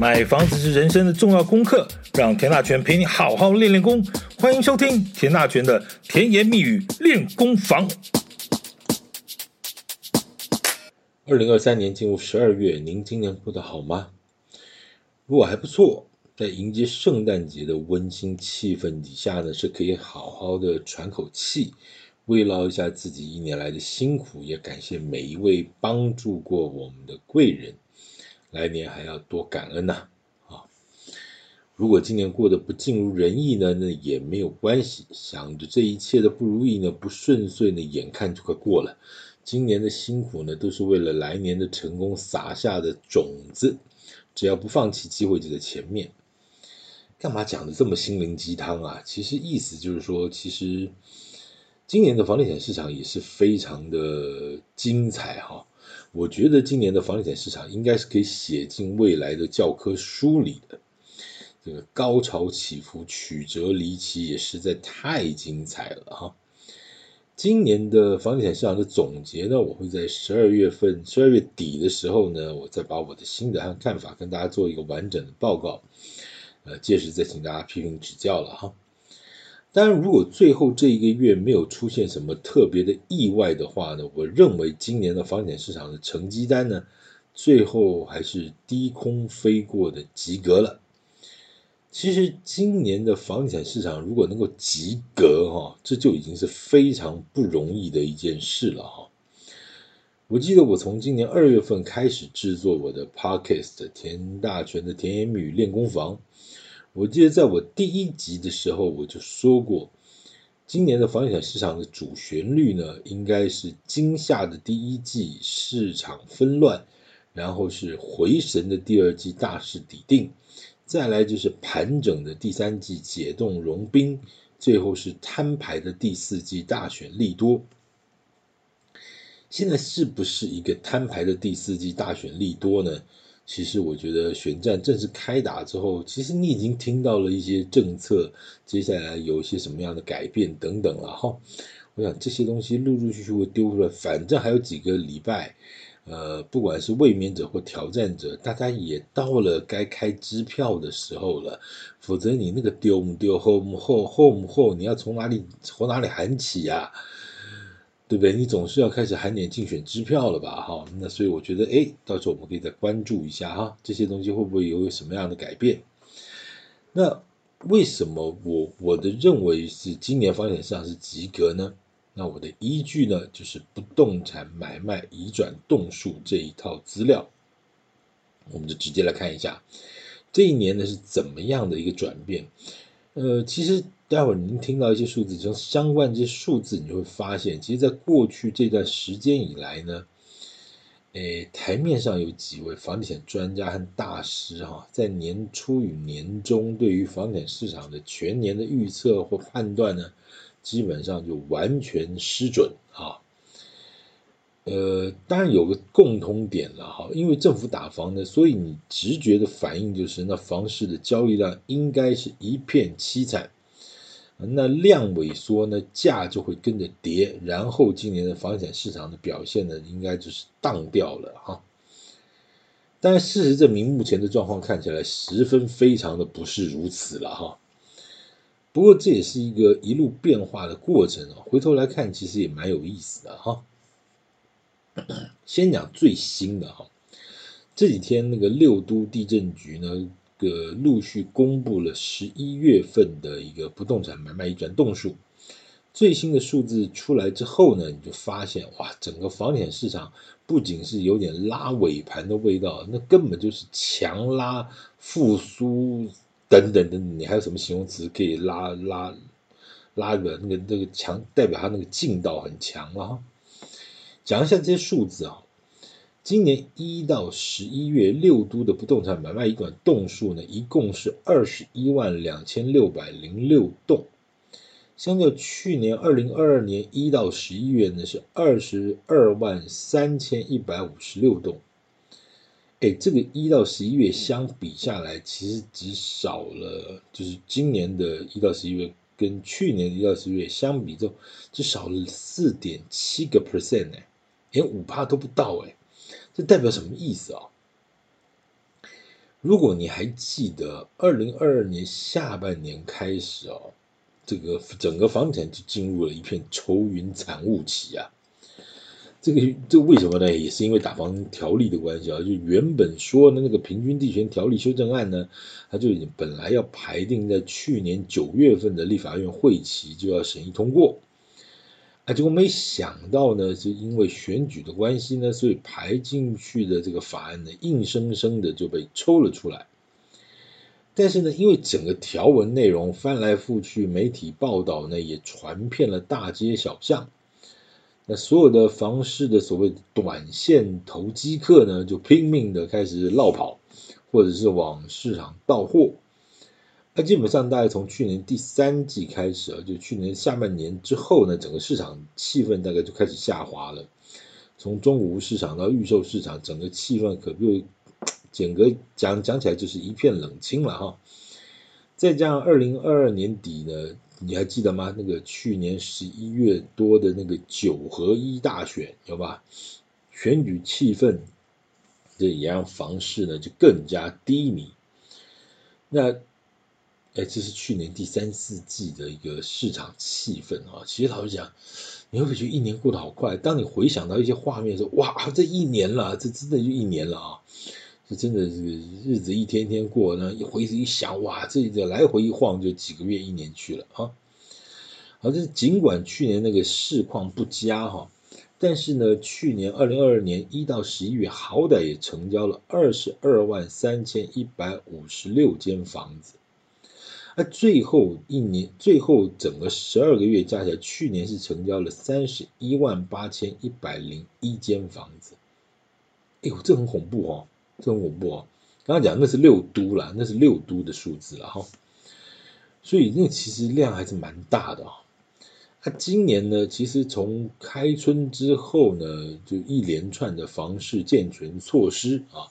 買房子是人生的重要功課，讓田大權陪你好好練練功。歡迎收聽田大權的甜言蜜語練功房。二零二三年進入十二月，您今年過得好嗎？如果還不錯，在迎接聖誕節的溫馨氣氛底下呢，是可以好好的喘口氣，慰勞一下自己一年來的辛苦，也感謝每一位幫助過我們的貴人。來年還要多感恩吶，啊、哦！如果今年過得不盡如人意呢，那也沒有關係。想着這一切的不如意呢，不順遂呢，眼看就快過了。今年的辛苦呢，都是為了來年的成功撒下的種子。只要不放棄，機會就在前面。幹嘛講的這麼心靈雞湯啊？其實意思就是說，其實今年的房地產市場也是非常的精彩哈、哦。我覺得今年的房地產市場應該是可以寫進未來的教科書裡的，這個高潮起伏、曲折離奇也實在太精彩了哈。今年的房地產市場的總結呢，我會在十二月份、十二月底的時候呢，我再把我的新的看法跟大家做一個完整的報告，呃，屆時再請大家批評指教了哈。當然，但如果最後這一個月沒有出現什麼特別的意外的話呢，我認為今年的房地產市場的成績單呢，最後還是低空飛過的及格了。其實今年的房地產市場如果能夠及格哈、啊，這就已經是非常不容易的一件事了哈、啊。我記得我從今年二月份開始制作我的 Podcast《田大全的甜言蜜語練功房》。我記得在我第一集的時候，我就說過，今年的房地產市場的主旋律呢，應該是驚嚇的第一季市場紛亂，然後是回神的第二季大勢底定，再來就是盤整的第三季解凍融冰，最後是攤牌的第四季大選利多。現在是不是一個攤牌的第四季大選利多呢？其實我覺得選戰正式開打之後，其實你已經聽到了一些政策，接下來有一些什麼樣的改變等等了哈。我想這些東西陸陸續續續會丟出來，反正還有幾個禮拜，呃，不管是衛冕者或挑戰者，大家也到了該開支票的時候了，否則你那個丟不丟 home home home home，你要從哪裡從哪裡喊起呀，啊？對不對？你總是要開始喊點競選支票了吧？哈，那所以我覺得，哎，到時候我們可以再關注一下哈，這些東西會不會有什麼樣的改變？那為什麼我我的認為是今年房地產市場是及格呢？那我的依據呢，就是不動產買賣移轉棟數這一套資料，我們就直接來看一下這一年呢是怎麼樣的一個轉變。呃，其實。待會兒您聽到一些數字，就相關這些數字，你會發現，其實，在過去這段時間以來呢，誒、哎，台面上有幾位房地產專家和大師哈、啊，在年初與年終對於房地產市場的全年的預測或判斷呢，基本上就完全失準啊。呃，當然有個共通點了哈，因為政府打房呢，所以你直覺的反應就是，那房市的交易量應該是一片淒慘。那量萎縮呢，那價就會跟着跌，然後今年的房地產市場的表現呢，應該就是盪掉了哈。但是事實證明，目前的狀況看起來十分非常的不是如此了哈。不過這也是一個一路變化的過程啊，回頭來看其實也蠻有意思的哈。先講最新的哈，這幾天那個六都地震局呢，個陸續公布了十一月份的一個不動產買賣移轉棟數。最新的數字出來之後呢，你就發現哇，整個房地產市場不僅是有點拉尾盤的味道，那根本就是強拉復甦等等等，你還有什麼形容詞可以拉拉拉個那個那個強，代表它那個勁道很強了哈。講一下這些數字啊。今年一到十一月，六都的不動產買賣移轉棟數呢，一共是二十一萬兩千六百零六棟，相較去年二零二二年一到十一月呢，是二十二萬三千一百五十六棟。哎，這個一到十一月相比下來，其實只少了，就是今年的一到十一月跟去年一到十一月相比之後，只少了四點七個 percent 呢，連五趴都不到哎。這代表什麼意思啊？如果你還記得，二零二二年下半年開始哦、啊，這個整個房產就進入了一片愁雲慘霧期啊。這個這為什麼呢？也是因為打房條例的關係啊，就原本說的那個平均地權條例修正案呢，它就已經本來要排定在去年九月份的立法院會期就要審議通過。結果、啊、沒想到呢，是因為選舉的關係呢，所以排進去的這個法案呢，硬生生的就被抽了出來。但是呢，因為整個條文內容翻來覆去，媒體報道呢也傳遍了大街小巷，那所有的房市的所謂的短線投機客呢，就拼命的開始落跑，或者是往市場倒貨。它基本上大概從去年第三季開始啊，就去年下半年之後呢，整個市場氣氛大概就開始下滑了。從中古市場到預售市場，整個氣氛可不，簡個講講起來就是一片冷清了哈。再加上二零二二年底呢，你還記得嗎？那個去年十一月多的那個九合一大選，有吧？選舉氣氛，這也讓房市呢就更加低迷。那。誒、哎、這是去年第三四季的一個市場氣氛啊。其實老實講，你會不會覺得一年過得好快？當你回想到一些畫面的時候，哇，這一年了，這真的就一年了啊！這真的是日子一天天過，然後一回一想，哇，這這來回一晃就幾個月一年去了啊。好、啊，這儘管去年那個市況不佳哈、啊，但是呢，去年二零二二年一到十一月，好歹也成交了二十二萬三千一百五十六間房子。那最後一年，最後整個十二個月加起來，去年是成交了三十一萬八千一百零一間房子，哎喲，這很恐怖哦，這很恐怖哦。剛剛講那是六都啦，那是六都的數字了哈，所以那其實量還是蠻大的啊。那今年呢，其實從開春之後呢，就一連串的房市健全措施啊。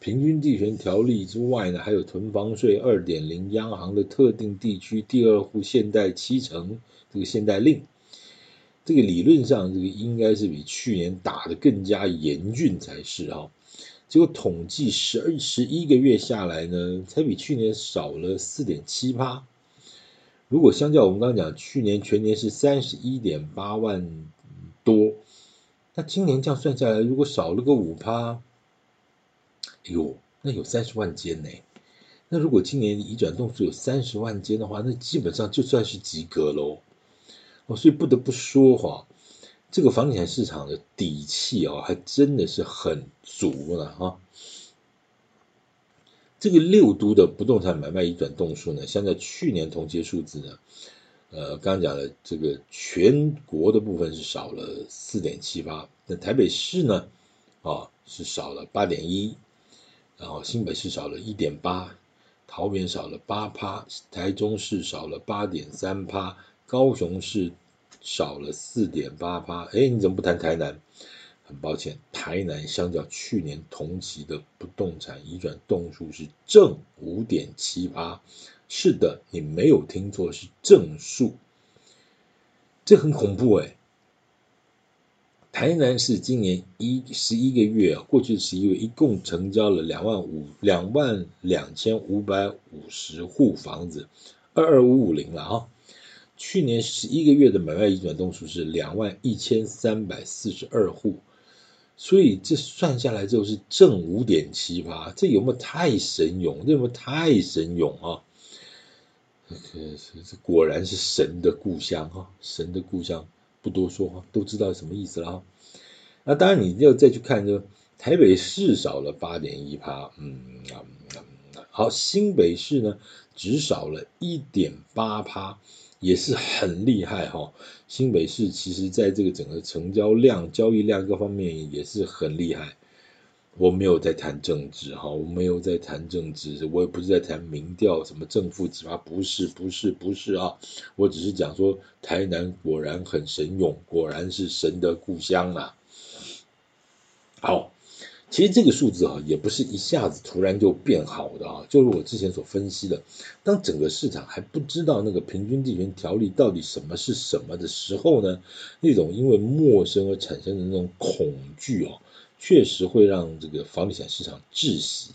平均地權條例之外呢，還有囤房稅二點零、央行的特定地區第二戶限貸七成這個限貸令，這個理論上這個應該是比去年打得更加嚴峻才是哈、哦，結果統計十二十一個月下來呢，才比去年少了四點七趴。如果相較我們剛剛講去年全年是三十一點八萬多，那今年這樣算下來，如果少了個五趴，喲、哎，那有三十萬間呢。那如果今年移轉棟數有三十萬間的話，那基本上就算是及格嘍。哦，所以不得不說哈，這個房地產市場的底氣啊、哦，還真的是很足了哈、啊。這個六都的不動產買賣移轉棟數呢，相較去年同期數字呢，呃，剛剛講的這個全國的部分是少了四點七趴，那台北市呢，啊，是少了八點一，然後新北市少了1.8，桃園少了8趴，台中市少了8.3趴，高雄市少了4.8趴。哎，你怎麼不談台南？很抱歉，台南相較去年同期的不動產移轉棟數是正5.7趴。是的，你沒有聽錯，是正數。這很恐怖哎。台南市今年一十一個月、啊，過去十一個月一共成交了兩萬五兩萬兩千五百五十戶房子，二二五五零了啊。去年十一個月的買賣移轉棟數是兩萬一千三百四十二戶，所以這算下來之後是正五點七八，這有沒有太神勇？這有沒有太神勇啊？這個果然是神的故鄉哈、啊，神的故鄉。不多說，都知道什麼意思了哈，那當然，你要再去看就台北市少了八點一趴，嗯啊，嗯啊，嗯啊，好，新北市呢只少了一點八趴，也是很厲害哈。新北市其實在這個整個成交量、交易量各方面也是很厲害。我沒有在談政治，哈，我沒有在談政治，我也不是在談民調什麼正負幾啊，不是，不是，不是啊，我只是講說台南果然很神勇，果然是神的故鄉啊。好，其實這個數字啊，也不是一下子突然就變好的啊，就是我之前所分析的，當整個市場還不知道那個平均地權條例到底什麼是什麼的時候呢，那種因為陌生而產生的那種恐懼啊。確實會讓這個房地產市場窒息，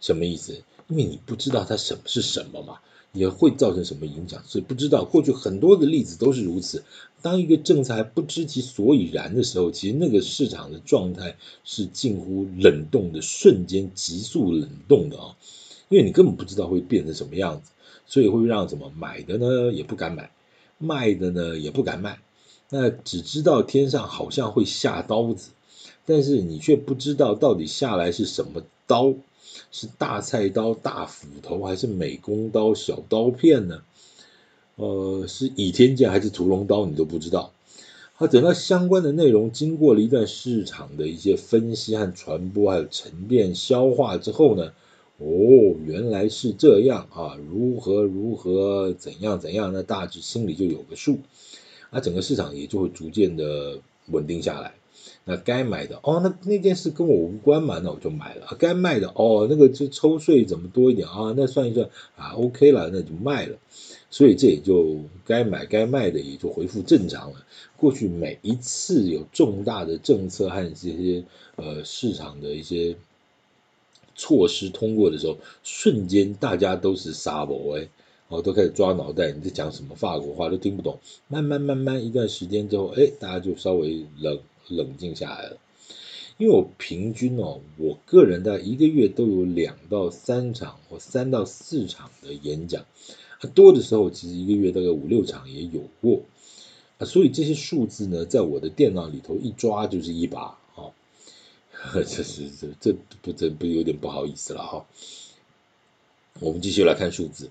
什麼意思？因為你不知道它什麼是什麼嘛，也會造成什麼影響所以不知道。過去很多的例子都是如此。當一個政策不知其所以然的時候，其實那個市場的狀態是近乎冷凍的，瞬間急速冷凍的啊！因為你根本不知道會變成什麼樣子，所以會讓怎麼買的呢也不敢買，賣的呢也不敢賣，那只知道天上好像會下刀子。但是你卻不知道到底下來是什麼刀，是大菜刀、大斧頭，還是美工刀、小刀片呢？呃，是倚天劍還是屠龍刀？你都不知道。好、啊，等到相關的內容經過了一段市場的一些分析和傳播，還有沉澱、消化之後呢，哦，原來是這樣啊，如何如何，怎樣怎樣，那大致心裡就有個數，那、啊、整個市場也就會逐漸的穩定下來。那該買的哦，那那件事跟我無關嘛，那我就買了。啊，該賣的哦，那個就抽稅怎麼多一點啊？那算一算啊，OK 了，那就賣了。所以這也就該買該賣的也就恢復正常了。過去每一次有重大的政策和這些呃，市場的一些措施通過的時候，瞬間大家都是傻博哎，哦，都開始抓腦袋，你在講什麼法國話都聽不懂。慢慢慢慢一段時間之後，哎，大家就稍微冷。冷靜下來了，因為我平均哦，我個人大概一個月都有兩到三場或三到四場的演講，啊，多的時候其實一個月大概五六場也有過，啊，所以這些數字呢，在我的電腦裡頭一抓就是一把啊、哦呵呵，這是這這不這不有點不好意思了哈、哦，我們繼續來看數字。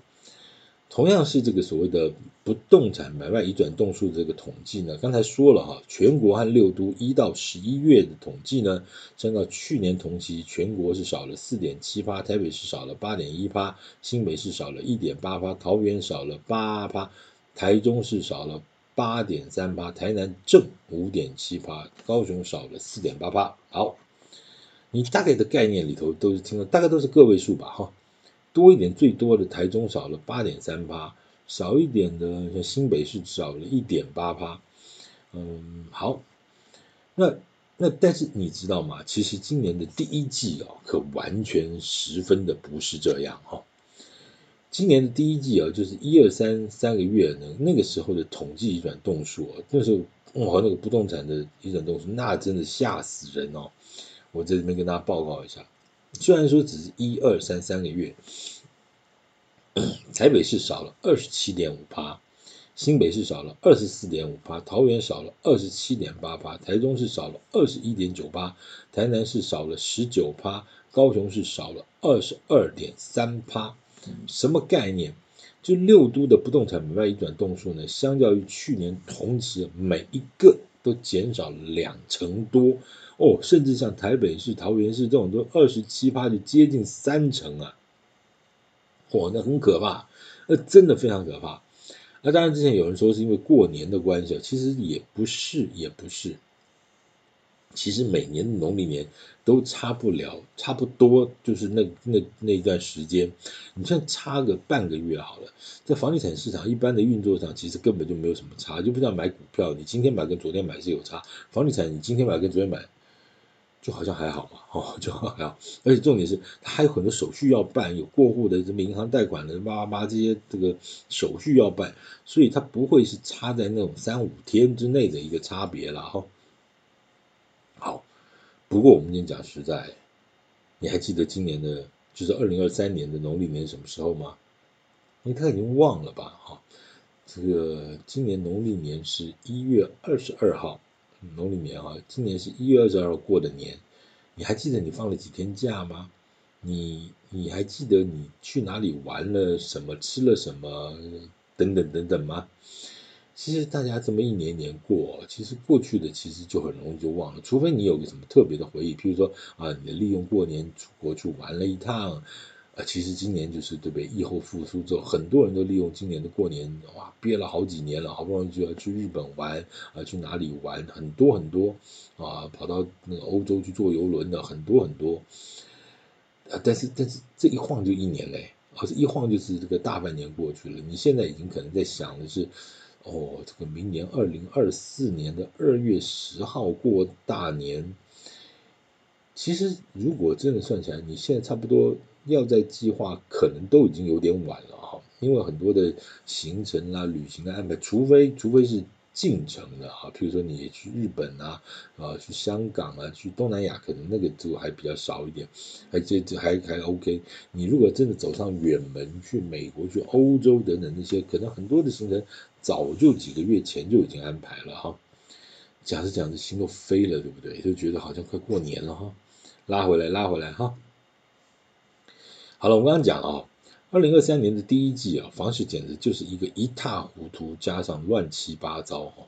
同樣是這個所謂的不動產買賣移轉棟數這個統計呢，剛才說了哈，全國和六都一到十一月的統計呢，相較去年同期，全國是少了四點七趴，台北市少了八點一趴，新北市少了一點八趴，桃園少了八趴，台中市少了八點三趴，台南正五點七趴，高雄少了四點八趴。好，你大概的概念裡頭都是聽了，大概都是個位數吧，哈。多一點，最多的台中少了八點三趴，少一點的像新北市少了一點八趴，嗯，好，那那但是你知道嗎？其實今年的第一季哦，可完全十分的不是這樣哈、哦。今年的第一季啊，就是一二三三個月呢，那個時候的統計移轉棟數、哦，那時候哇，那個不動產的移轉棟數那真的嚇死人哦。我在這邊跟大家報告一下。雖然說只是一二三三個月，台北市少了二十七點五趴，新北市少了二十四點五趴，桃園少了二十七點八趴，台中市少了二十一點九趴，台南市少了十九趴，高雄市少了二十二點三趴。什麼概念？就六都的不動產買賣移轉棟數呢，相較於去年同期，每一個都減少了兩成多。哦，甚至像台北市、桃園市這種都二十七八，就接近三成啊！哇，那很可怕，那真的非常可怕。那當然，之前有人說是因為過年的關係，其實也不是，也不是。其實每年的農曆年都差不了，差不多就是那那那一段時間，你算差個半個月好了。在房地產市場一般的運作上，其實根本就沒有什麼差，就不像買股票，你今天買跟昨天買是有差。房地產你今天買跟昨天買。就好像還好嘛，哦，就好像，而且重點是，它還有很多手續要辦，有過戶的，什麼銀行貸款的，叭叭叭，這些這個手續要辦，所以它不會是差在那種三五天之內的一個差別了哈、哦。好，不過我們今天講實在，你還記得今年的，就是二零二三年的農曆年什麼時候嗎？因為他已經忘了吧，哈、哦，這個今年農曆年是一月二十二號。農曆年啊，今年是一月二十二號過的年，你還記得你放了幾天假嗎？你你還記得你去哪裡玩了什麼，吃了什麼等等等等嗎？其實大家這麼一年年過，其實過去的其實就很容易就忘了，除非你有個什麼特別的回憶，譬如說啊，你的利用過年出國去玩了一趟。啊，其實今年就是對不對？疫後復甦之後，很多人都利用今年的過年哇，憋了好幾年了，好不容易就要去日本玩啊，去哪裡玩？很多很多啊，跑到那個歐洲去坐遊輪的很多很多。啊，但是但是這一晃就一年嘞，啊，這一晃就是這個大半年過去了。你現在已經可能在想的是，哦，這個明年二零二四年的二月十號過大年。其實如果真的算起來，你現在差不多。要在計劃可能都已經有點晚了哈、啊，因為很多的行程啦、啊、旅行的安排，除非除非是近程的哈、啊，譬如說，你去日本啊、啊去香港啊、去東南亞，可能那個就還比較少一點，還這還還，還 OK。你如果真的走上遠門去美國、去歐洲等等那些，可能很多的行程早就幾個月前就已經安排了哈、啊。講着講着心都飛了，對不對？就覺得好像快過年了哈、啊，拉回來拉回來哈、啊。好了，我們剛剛講啊、哦，二零二三年的第一季啊、哦，房市簡直就是一個一塌糊塗加上亂七八糟哈、哦，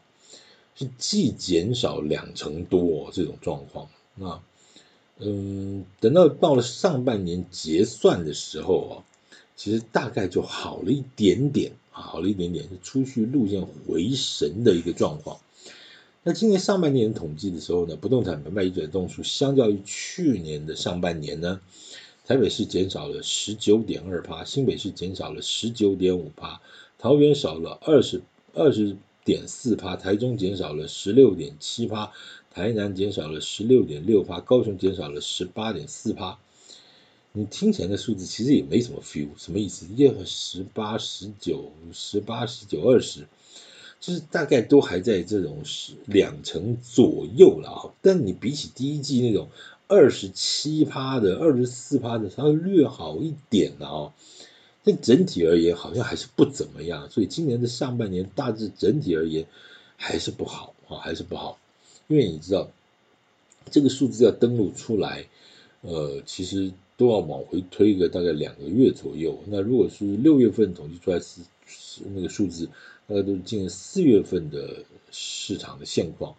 是既減少兩成多、哦、這種狀況。那嗯，等到到了上半年結算的時候啊、哦，其實大概就好了一點點，啊、好了一點點，是出去路線回神的一個狀況。那今年上半年統計的時候呢，不動產買賣移轉棟數相較於去年的上半年呢。台北市減少了十九點二趴，新北市減少了十九點五趴，桃園少了二十二十點四趴，台中減少了十六點七趴，台南減少了十六點六趴，高雄減少了十八點四趴。你聽起來的數字其實也沒什麼 feel，什麼意思？就十八、十九、十八、十九、二十，就是大概都還在這種兩成左右了啊。但你比起第一季那種。二十七趴的，二十四趴的，稍微略好一點的哦。但整體而言，好像還是不怎麼樣。所以今年的上半年，大致整體而言還是不好啊，還是不好。因為你知道，這個數字要登錄出來，呃，其實都要往回推個大概兩個月左右。那如果是六月份統計出來是那個數字，大概都是今年四月份的市場的現況。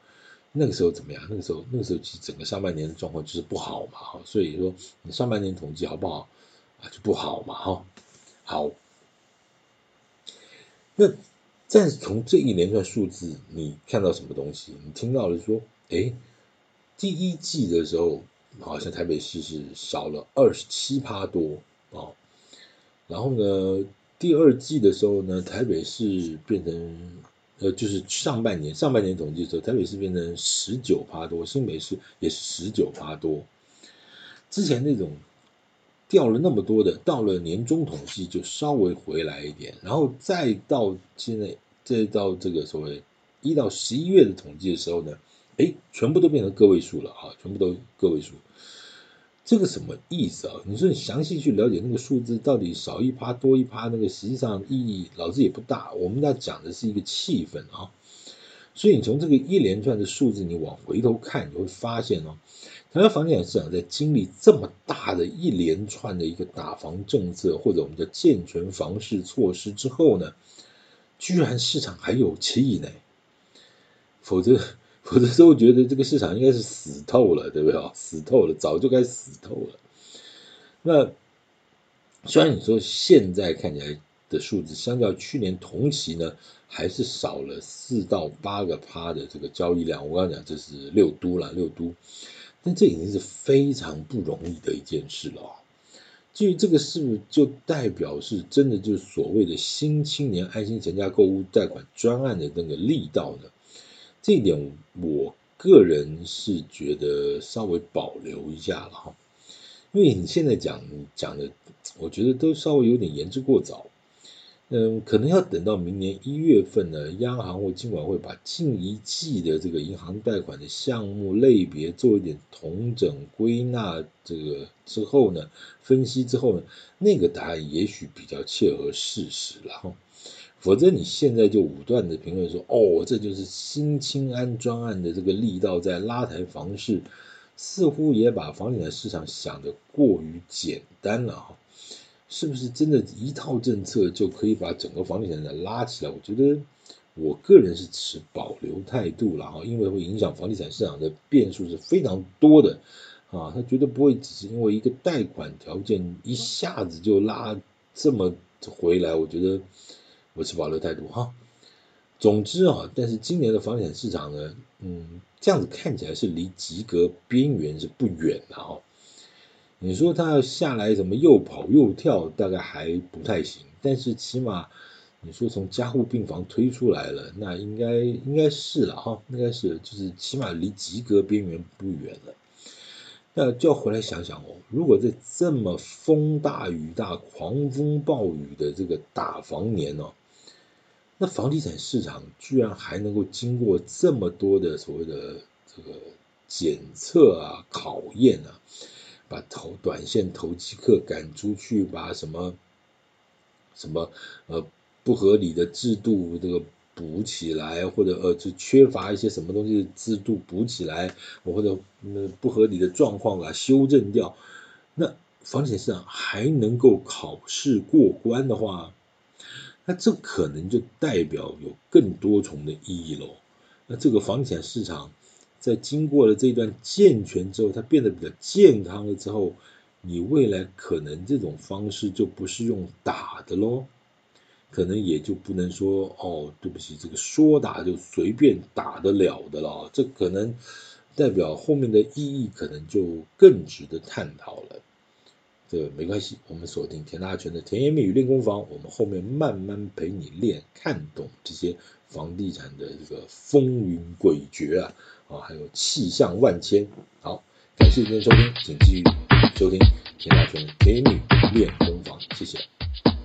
那個時候怎麼樣？那個時候那個時候其實整個上半年的狀況就是不好嘛，哈，所以說你上半年統計好不好啊，就不好嘛，哈，好。那再從這一連串數字，你看到什麼東西？你聽到了說，誒，第一季的時候好像台北市是少了二十七趴多啊，然後呢，第二季的時候呢，台北市變成。呃，就是上半年，上半年統計的時候，台北市變成十九趴多，新北市也是十九趴多。之前那種掉了那麼多的，到了年終統計就稍微回來一點，然後再到現在，再到這個所謂一到十一月的統計的時候呢，誒，全部都變成個位數了啊，全部都個位數。這個什麼意思啊？你說你詳細去了解那個數字到底少一趴多一趴，那個實際上意義老子也不大。我們要講的是一個氣氛啊，所以你從這個一連串的數字你往回頭看，你會發現哦，台灣房地產市場在經歷這麼大的一連串的一個打房政策或者我們叫健全房市措施之後呢，居然市場還有氣呢，否則。有的時候覺得這個市場應該是死透了，對不對？死透了，早就該死透了。那雖然你說現在看起來的數字，相較去年同期呢，還是少了四到八個趴的這個交易量。我剛講這是六都了，六都，但這已經是非常不容易的一件事了。至於這個是不是就代表是真的就是所謂的新青年安心成家購屋貸款專案的那個力道呢？這一點，我個人是覺得稍微保留一下了哈，因為你現在講講的，我覺得都稍微有點言之過早。嗯，可能要等到明年一月份呢，央行或金管會把近一季的這個銀行貸款的項目類別做一點統整歸納，這個之後呢，分析之後呢，那個答案也許比較切合事實了哈。否則你現在就武斷的評論說，哦，這就是新青安專案的這個力道在拉抬房市，似乎也把房地產市場想得過於簡單了哈，是不是真的？一套政策就可以把整個房地產的拉起來？我覺得我個人是持保留態度了哈，因為會影響房地產市場的變數是非常多的啊，他絕對不會只是因為一個貸款條件一下子就拉這麼回來，我覺得。我持保留態度哈。總之啊，但是今年的房地產市場呢，嗯，這樣子看起來是離及格邊緣是不遠了哦。你說他要下來怎麼又跑又跳，大概還不太行。但是起碼你說從加護病房推出來了，那應該應該是了哈，應該是就是起碼離及格邊緣不遠了。那就要回來想想哦，如果在這麼風大雨大、狂風暴雨的這個打房年哦。那房地產市場居然還能夠經過這麼多的所謂的這個檢測啊、考驗啊，把投短線投機客趕出去，把什麼什麼呃不合理的制度這個補起來，或者呃就缺乏一些什麼東西的制度補起來，或者、呃、不合理的狀況啊修正掉，那房地產市場還能夠考試過關的話，那這可能就代表有更多重的意義咯，那這個房地產市場在經過了這段健全之後，它變得比較健康了之後，你未來可能這種方式就不是用打的咯，可能也就不能說哦，對不起，這個說打就隨便打得了的了。這可能代表後面的意義可能就更值得探討了。這個沒關係，我們鎖定田大權的甜言蜜語練功房，我們後面慢慢陪你練，看懂這些房地產的這個風雲詭譎啊，啊，還有氣象萬千。好，感謝您收聽，請繼續收聽田大權的甜言蜜語練功房，謝謝。